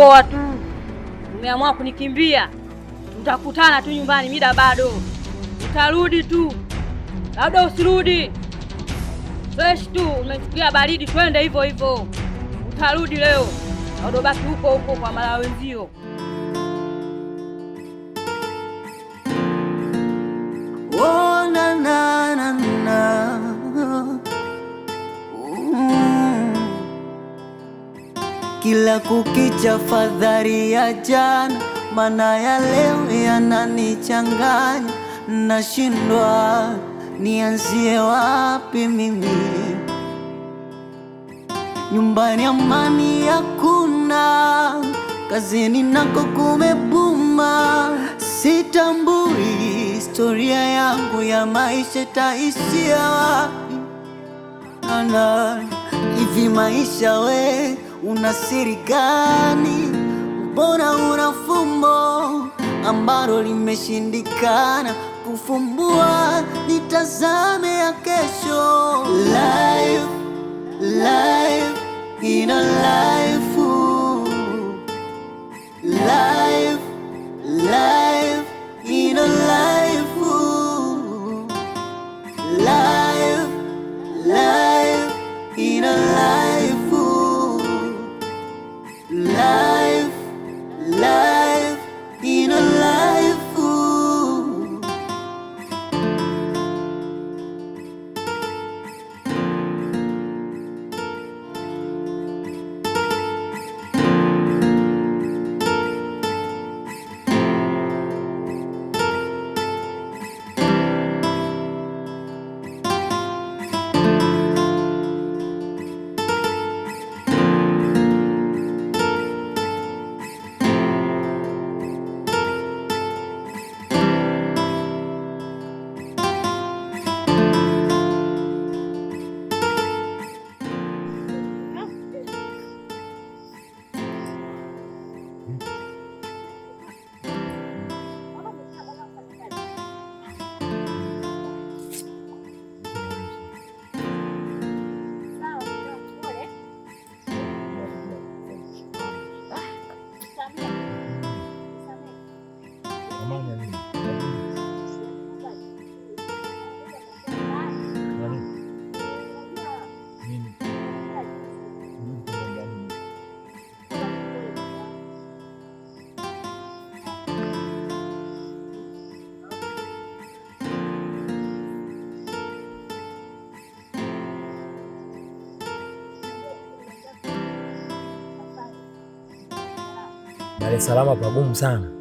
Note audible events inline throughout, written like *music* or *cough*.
poa tu, umeamua kunikimbia. Tutakutana tu nyumbani, mida bado, utarudi tu, labda usirudi. Fresh tu umechukia baridi, twende hivyo hivyo, utarudi leo, audobaki huko huko kwa mara wenzio. Kila kukicha fadhari ya jana, mana ya leo yananichanganya, nashindwa nianzie wapi mimi. Nyumbani amani hakuna, kazini nako kumebuma, sitambui historia yangu ya maisha taishia wapi. Ana hivi maisha we Una siri gani? Mbona una fumbo ambalo limeshindikana kufumbua? Nitazama Dar es Salaam pagumu sana.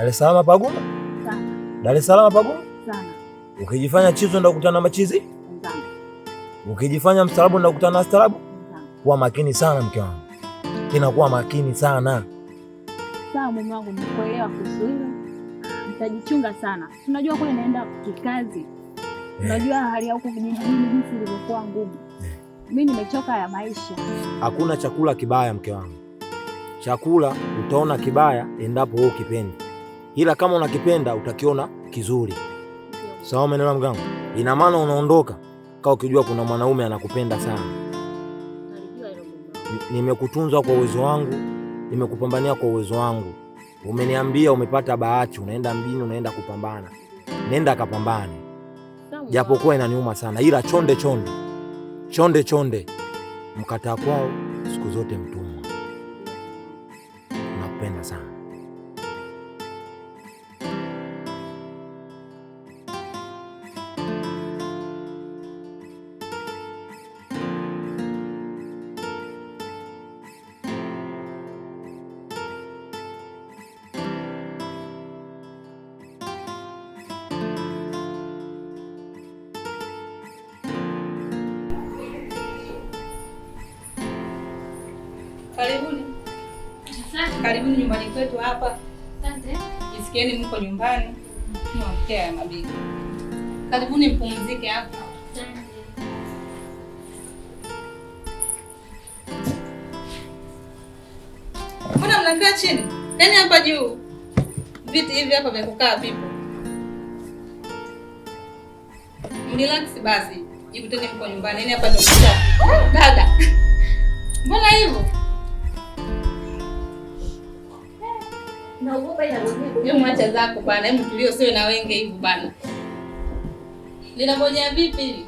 Dar es Salaam paguma sana. Dar es Salaam paguma sana. Ukijifanya chizo ndo kukutana na machizi sana. Ukijifanya mstarabu ndo kukutana na staarabu sana. Kuwa makini sana mke wangu, inakuwa makini sana sawa. Mume wangu, nikuelewa kuzuia, nitajichunga sana. Tunajua kule naenda kikazi, eh. unajua hali ya huko vijijini jinsi ilivyokuwa ngumu. Mimi eh. nimechoka ya maisha. Hakuna chakula kibaya mke wangu, chakula utaona kibaya endapo wewe ukipenda ila kama unakipenda utakiona kizuri. Sawa, umeelewa mgangu? Ina maana unaondoka kama ukijua kuna mwanaume anakupenda sana. Nimekutunza kwa uwezo wangu, nimekupambania kwa uwezo wangu. Umeniambia umepata bahati, unaenda mjini, unaenda kupambana. Nenda kapambane, japokuwa inaniuma sana, ila chonde chonde chonde chonde. Mkataa kwao siku zote mtumwa. Nakupenda sana. nyumbani, nawapikia ya mabibi. Karibuni mpumzike hapa. Mbona mnakaa chini? Yaani hapa juu viti hivi hapa vya kukaa vipo, Relax basi, jikuteni mko nyumbani. Yaani hapa ndio dada, *laughs* mbona hivyo? Hebu mwacha zako bana, hebu tulio siwe na wenge hivyo bana. Linamoja vipi?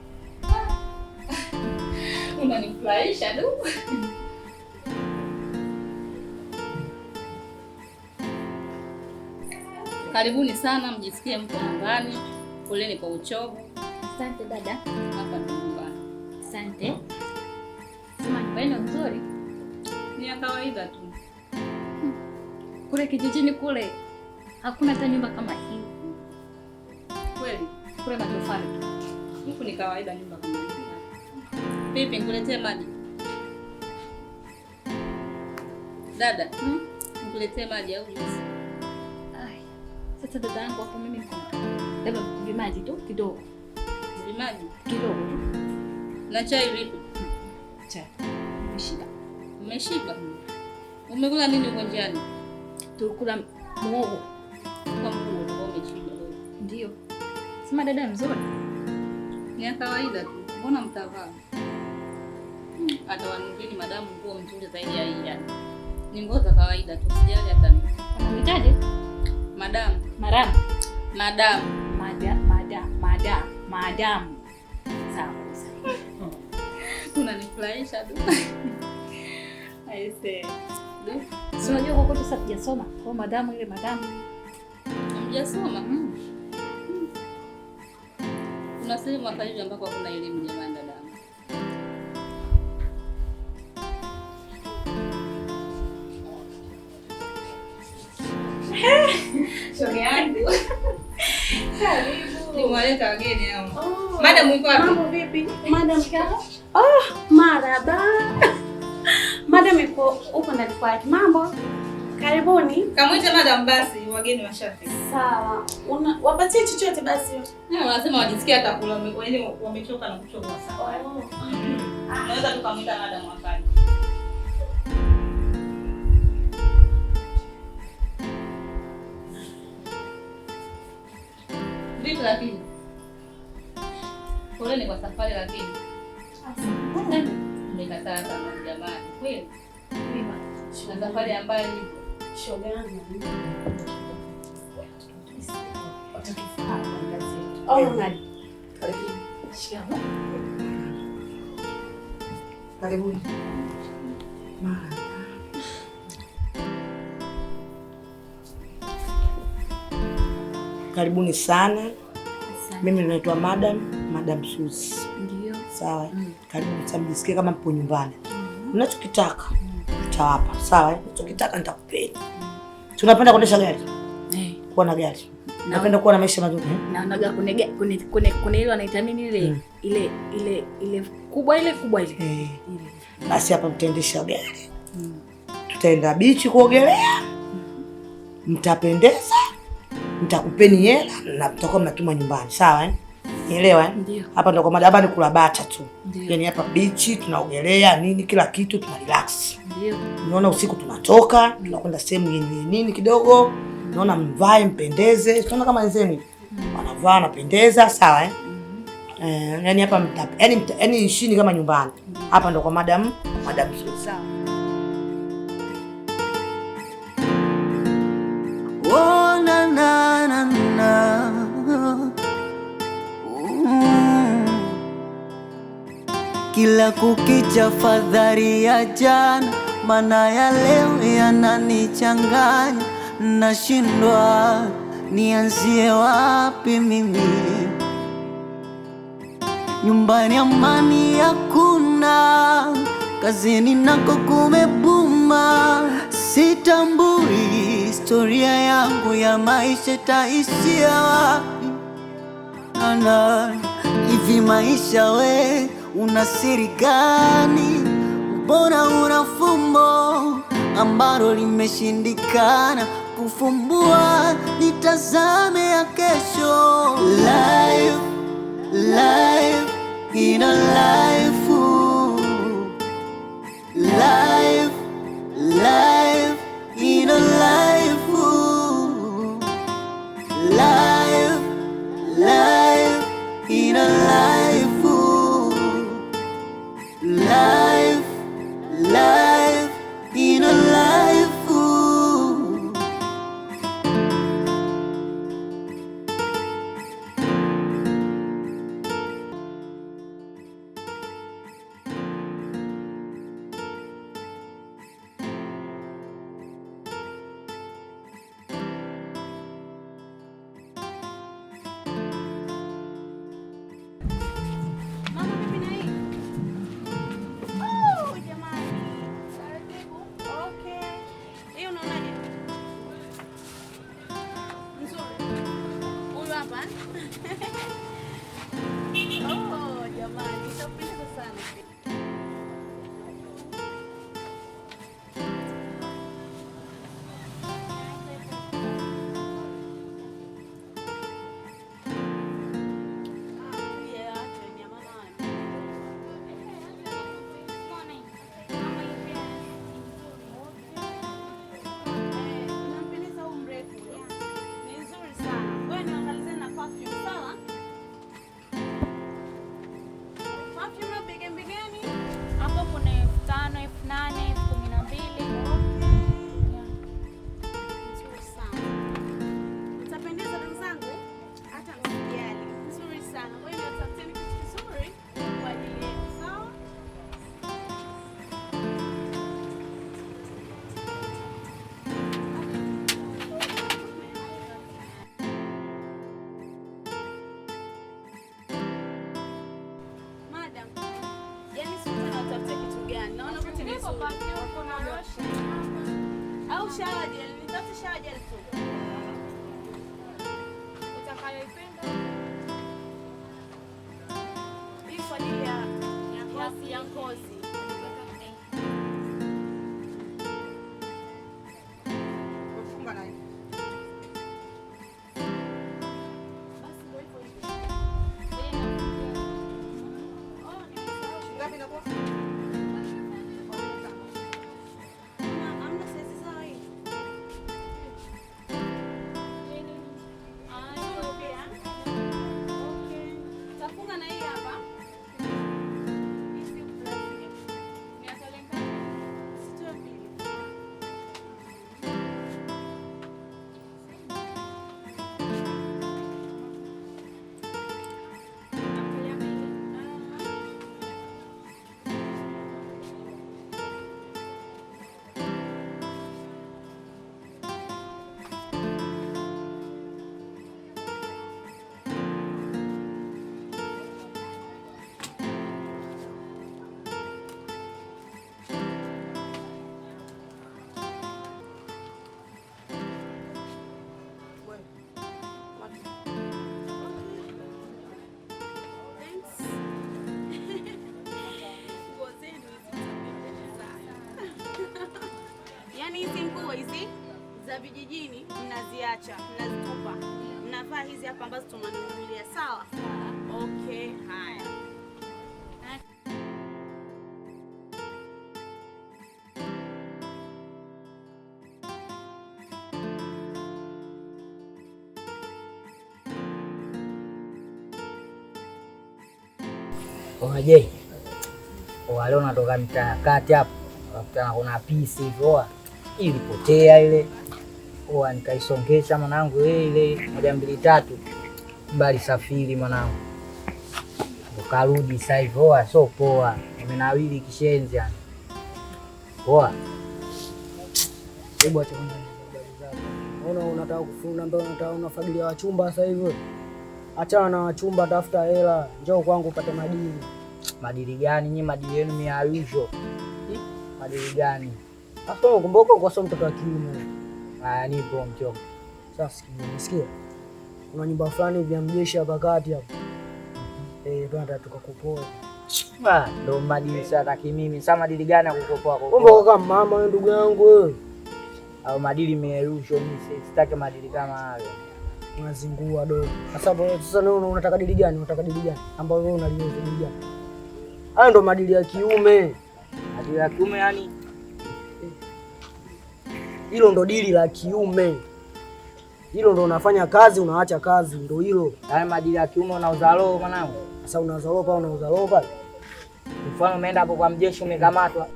*laughs* Unanifurahisha du. Karibuni sana, mjisikie mko nyumbani. Poleni kwa uchovu. Asante dada. Hapa ndo nyumbani. Asante. Sema nyumbani nzuri ni ya kawaida tu hmm. kule kijijini kule, hakuna hata nyumba kama hii kweli. Kule matofali tu, huku ni kawaida nyumba kama hii. Vipi, nikuletee maji dada? Hmm? Nikuletee maji au juisi? sasa dada yangu hapo, mimi labda vimaji tu kidogo, vimaji kidogo na chai. Vipi hmm. chai Umeshiba? Umekula nini huko njiani? Tulikula muhogo. Ndio. Sema dada mzuri. Ni ya kawaida tu. Mbona mtavaa? Hata wanungeni madamu nguo mzuri zaidi ya hii yani. Ni nguo za kawaida tu, sijali hata ni. Unamhitaji? Madamu. Maram. Madamu. Madamu. Madamu. Madamu. Madamu. Sawa. *laughs* Unanifurahisha tu. *laughs* si unajua kwa kwetu sasa kwa oh, madamu ile madamu mjasoma hmm. kuna sehemu afanyije ambako hakuna elimu jamani, dadamu. shoga yangu nimwaleta wageni hao. Oh. Madam, uko wapi? Mambo vipi? Madam, kaa. Oh, maraba madam yuko huko ndani kwa Mambo. Karibuni. Kamwite madam basi, wageni washafika. Sawa. Wapatie chochote basi. Na wanasema wajisikia hata kula wengine wamechoka na kuchoka sawa. Oh, ah. Ah. Naweza tukamwita madam wakati. Vipi lakini? Poleni kwa safari lakini. Asante. Mmekataa sana jamani ambayo shoga yangu oh, eh. Karibuni. Karibuni sana. Mimi naitwa madam, madam Susi. Ndio. Sawa. Mm. Karibu mjisikie kama mpo nyumbani. Nachokitaka nitawapa sawa, eh? nachokitaka nitakupeni. Tunapenda kuendesha gari, eh. kuwa na gari, napenda kuwa na maisha mazuri. Eh? Naonaga kuna ile wanaita nini ile hmm. ile ile ile kubwa ile kubwa ile. Basi hapa mtaendesha gari, hmm. tutaenda bichi kuogelea, hmm. mtapendeza, mtakupeni hela na mtakuwa mnatuma nyumbani, sawa eh? eh? Hapa ndo kwa madaba ni kula bata tu. Yaani hapa bichi tunaogelea nini kila kitu tuna relax. Unaona usiku tunatoka, tunakwenda sehemu yenye nini kidogo. Unaona mvae mpendeze. Unaona kama wenzeni mm. wanavaa napendeza sawa eh? Eh, yaani hapa mta yaani yaani ishini kama nyumbani. Hapa ndo kwa madam, madam sawa. Oh, na na na na. Kila kukicha fadhari ya jana, mana ya leo yananichanganya, nashindwa nianzie wapi mimi. Nyumbani amani hakuna, kazini nako kumebuma, sitambui historia yangu ya maisha taishia wapi. Ana hivi maisha we Una siri gani? Mbona una fumbo ambalo limeshindikana kufumbua? Nitazame ya kesho. Life, life ina za vijijini mnaziacha, mnazitupa, mnavaa hizi hapa ambazo tumanunulia. Sawa, okay, haya Oaje, oa leo mtaa kati hapo, nakutana kuna pisi hivyo, ilipotea ile oa nikaisongesha mwanangu, eh, ile moja mbili tatu, bali safiri mwanangu, ukarudi sasa hivi oa sio poa, umenawili kishenzi poa. Unataka kufuna mbona? Unataka unafagilia wachumba sasa hivi? Achana na wachumba, tafuta hela, njoo kwangu upate madili. Madili gani? Nyinyi madili yenu miaruzo, madili gani? Kumbuka ukoso mtoto wa kiume Yaani bro mjomba. Sasa unasikia? Kuna nyumba fulani vya mjeshi hapa kati hapo. Eh, bwana tukakupoa. kupoa. Ah, ndo madini sana kimimi. Sasa madili gani ya kukopoa kwa? Kumbe kama mama wewe ndugu yangu wewe. Au madili merushwa mimi sitaki madili kama hayo. Unazingua do. Sasa sasa wewe unataka dili gani? Unataka dili gani? Ambayo wewe unaliona dili gani? Hayo ndo madili ya kiume. Madili ya kiume yani hilo ndo dili la kiume, hilo ndo unafanya kazi unaacha kazi, ndo hilo. Haya madili ya kiume, unauza roho mwanangu. Sasa unauza pa pale, pa Mfano umeenda hapo kwa mjeshi, umekamatwa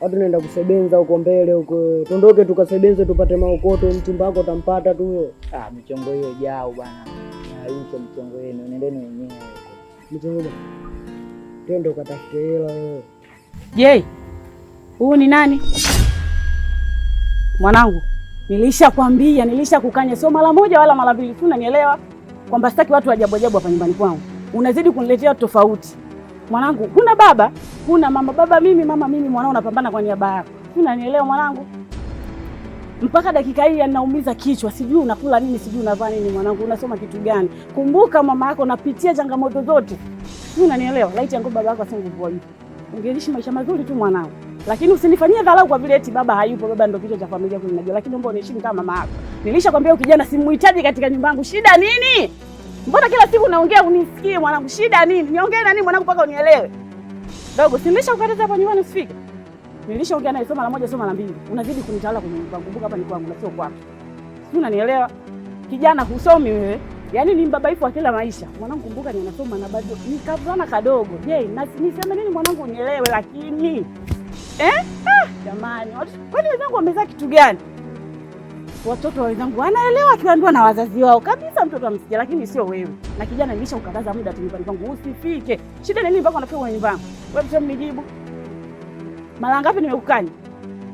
watu naenda kusebenza huko mbele huko, tondoke tukasebenze tupate maokoto. Mchumba wako utampata tu huyo. Ah, michongo hiyo jao bwana, na ah, hiyo michongo yenu, nendeni wenyewe huko. Michongo tendo katafute hela wewe. Je, huyu ni nani? Mwanangu, nilisha nilisha kukanya, sio mara moja wala mara mbili tu, unanielewa kwamba sitaki watu ajabu ajabu hapa nyumbani kwangu. Unazidi kuniletea tofauti. Mwanangu, huna baba, huna mama. Baba mimi, mama mimi, mwanao unapambana kwa niaba yako. Unanielewa mwanangu? Mpaka dakika hii anaumiza kichwa, sijui unakula nini, sijui unavaa nini. Mwanangu, unasoma kitu gani? Kumbuka mama yako napitia changamoto zote, unanielewa. Laiti yangu baba yako asingekuwa hivi. ungeishi maisha mazuri tu mwanangu lakini usinifanyie dharau kwa vile eti baba hayupo. Baba ndio kichwa cha familia kule, najua, lakini mbona unaheshimu kama mama yako. Nilishakwambia ukijana simuhitaji katika nyumba yangu, shida nini? Mbona kila siku unaongea unisikie mwanangu, shida nini? Niongee na nini mwanangu mpaka unielewe? Dogo, si ukataza hapa nyumbani usifike? Nilishaongea naye soma la moja, soma la mbili. Unazidi kunitawala kwenye nyumba. yangu. Kumbuka hapa ni kwangu na sio kwako. Sio, unanielewa? Kijana husomi wewe. Yaani ni mbabaifu wa kila maisha. Mwanangu kumbuka ni anasoma na bado ni kavulana kadogo. Je, na niseme nini mwanangu unielewe lakini eh? Ah, jamani, kwani wenzangu wamezaa kitu gani? Watoto wa wenzangu wanaelewa akiambiwa na wazazi wao kabisa, mtoto amsikia, lakini sio wewe. Na kijana nilisha ukataza muda tu nyumbani kwangu, usifike. Shida ni nini mpaka unafika nyumbani kwangu? Wewe mtu mnijibu. Mara ngapi nimekukanya?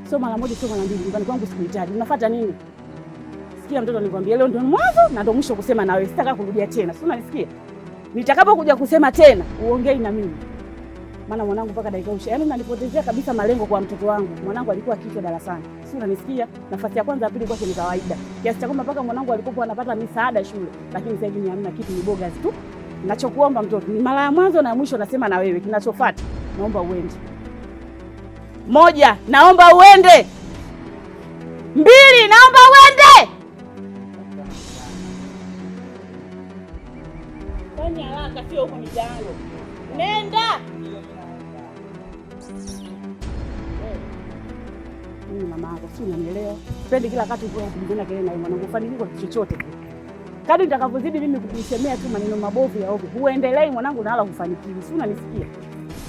Sio mara moja, sio mara mbili, nyumbani kwangu sikuhitaji. Unafuata nini? Sikia mtoto, nilikwambia leo ndio mwanzo na ndio mwisho kusema na wewe. Sitaka kurudia tena. Sio, unanisikia? Nitakapokuja kusema tena, uongei na mimi maana mwanangu mpaka dakika usha, yaani nalipotezea kabisa malengo kwa mtoto wangu. Mwanangu alikuwa kichwa darasani, si unanisikia? Nafasi ya kwanza ya pili kwake ni kawaida, kiasi cha kwamba mpaka mwanangu alikuwa anapata misaada shule, lakini sasa hivi hamna kitu, ni boga tu. Nachokuomba mtoto ni mara ya mwanzo na mwisho, nasema na wewe, kinachofuata naomba uende. Moja, naomba uende. Mbili, naomba uende. Fanya haraka, sio huko mitaani. Nenda. mimi mama yako, si unanielewa? Sipendi kila wakati kwa kumbona kile na mwanangu, fanyiki kwa chochote. Kadri nitakavyozidi mimi kukusemea tu maneno mabovu ya ovyo, huendelei mwanangu, na wala hufanikiwi. Si unanisikia?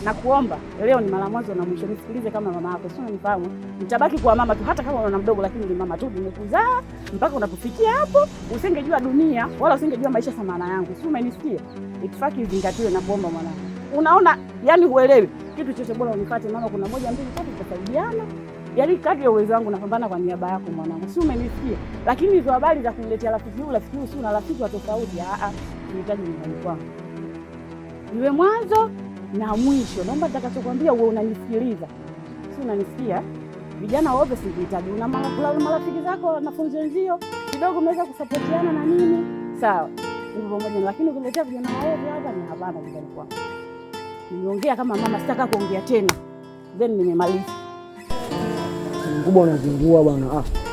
Nakuomba leo ni mara mwanzo na mwisho, nisikilize kama mama yako, si unanifahamu? Nitabaki kuwa mama tu, hata kama unaona mdogo, lakini ni mama tu. Nimekuzaa mpaka unapofikia hapo, usingejua dunia wala usingejua maisha thamani yangu, si umenisikia? Itifaki zingatiwe, na kuomba mwanangu, unaona, yani huelewi kitu chochote, bora unifuate mama, kuna moja mbili tatu tutasaidiana. Yaani kadri ya uwezo wangu napambana kwa niaba yako mwanangu, si umenisikia? Lakini hizo habari za kuniletea rafiki huyu rafiki huyu, si una rafiki wa tofauti. Ah, ah. nihitaji nyumbani kwangu iwe mwanzo na mwisho. Naomba nitakachokwambia uwe unanisikiliza, si unanisikia? Vijana wote sikuhitaji, una marafiki zako wanafunzi wenzio, kidogo mnaweza kusapotiana na nini, sawa, hivyo pamoja, lakini ukiletea vijana waovu hapa ni hapana. Nyumbani kwangu Niongea kama mama, sitaka kuongea tena, then nimemaliza mkubwa unazingua bwana. Ah.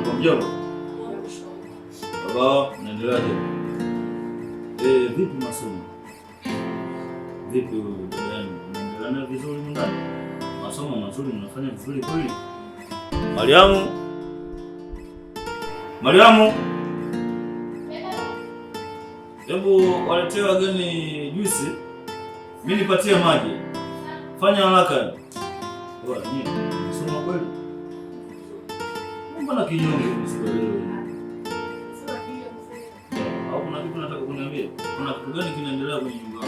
Mjomba, mjomba. Baba, naendeleaje? Eh, vipi masomo? Vipi yani? Unaendelea vizuri ndani? Masomo mazuri mnafanya vizuri kweli? Mariamu. Mariamu. Hebu waletee wageni juisi. Mimi nipatie maji. Fanya haraka. Bora nini? Mbona kinyonge au kuna kitu nataka kuniambia? Kuna kitu gani kinaendelea kwenye nyumba?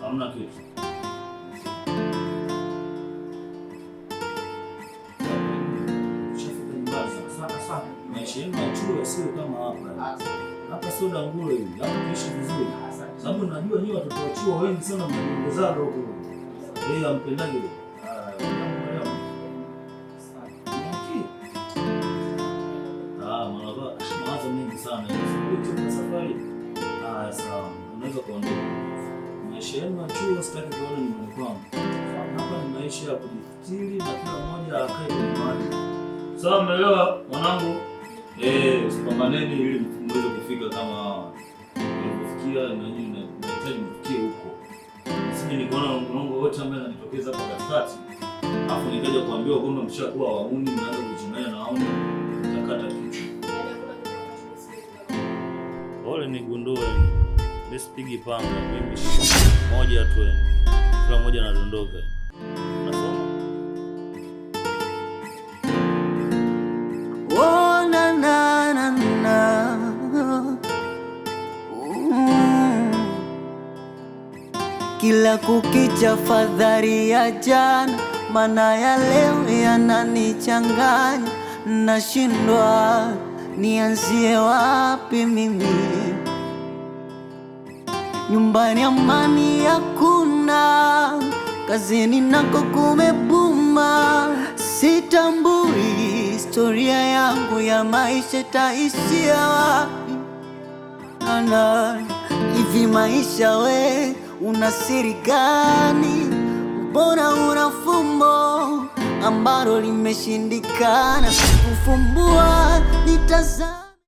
Hamna kitu. Maisha sio kama hapa hapa, sio danguro hivi hapa, kuishi vizuri, sababu najua nyinyi watoto wa chuo wengi sana mnaongezana huko. Yeye ampendaje? maisha yenu natuo, sitaki kuona nyumbani kwangu. Hapa ni maisha ya kujistiri na kila mmoja akae nyumbani. Sawa, mmeelewa mwanangu? Eh, usipambaneni ili mweze kufika kama eh, kufikia na nini na mnahitaji mfikie huko. Sisi ni nikaona mwanangu wote ambaye anatokeza kwa katikati. Alafu nikaja kuambiwa kwamba mshakuwa wauni mnaanza kuchanganya na wauni mtakata kichwa. Yaani Pole, nigundue. Mimi sipigi panga, mimi moja tu, kila mmoja anadondoka. na, na, mm. Kila kukicha fadhari ya jana, mana ya leo yananichanganya, nashindwa nianzie wapi mimi Nyumbani amani hakuna, kazini nako kumebuma. Sitambui historia yangu ya maisha taishia wapi? Ana hivi maisha, we una siri gani? Mbona una fumbo ambalo limeshindikana kufumbua? nitaza